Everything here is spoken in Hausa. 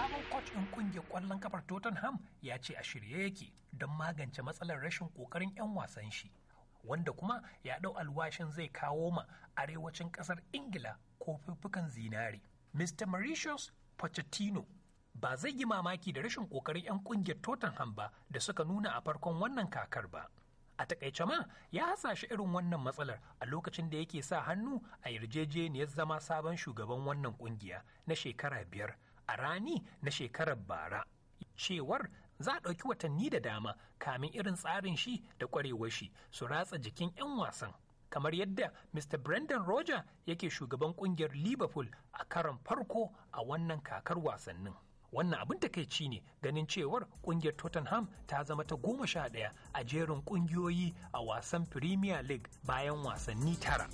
sabon coach ɗin ƙungiyar ƙwallon kafar tottenham ya ce a shirye yake don magance matsalar rashin ƙoƙarin 'yan wasan shi wanda kuma ya ɗau alwashin zai kawo ma arewacin ƙasar ingila ko fuffukan zinari mr mauritius pochettino ba zai yi mamaki da rashin ƙoƙarin 'yan ƙungiyar tottenham ba da suka nuna a farkon wannan kakar ba a takaice ma ya hasashe irin wannan matsalar a lokacin da yake sa hannu a yarjejeniyar zama sabon shugaban wannan kungiya na shekara biyar a rani na shekarar bara cewar za a ɗauki watanni da dama kamin irin tsarin shi da ƙwarewar shi su ratsa jikin 'yan wasan kamar yadda mr brendan roger yake shugaban ƙungiyar liverpool a karon farko a wannan kakar wasannin wannan abin takaici ne ganin cewar ƙungiyar tottenham ta zama ta goma sha ɗaya a jerin ƙungiyoyi a wasan premier league bayan wasanni tara.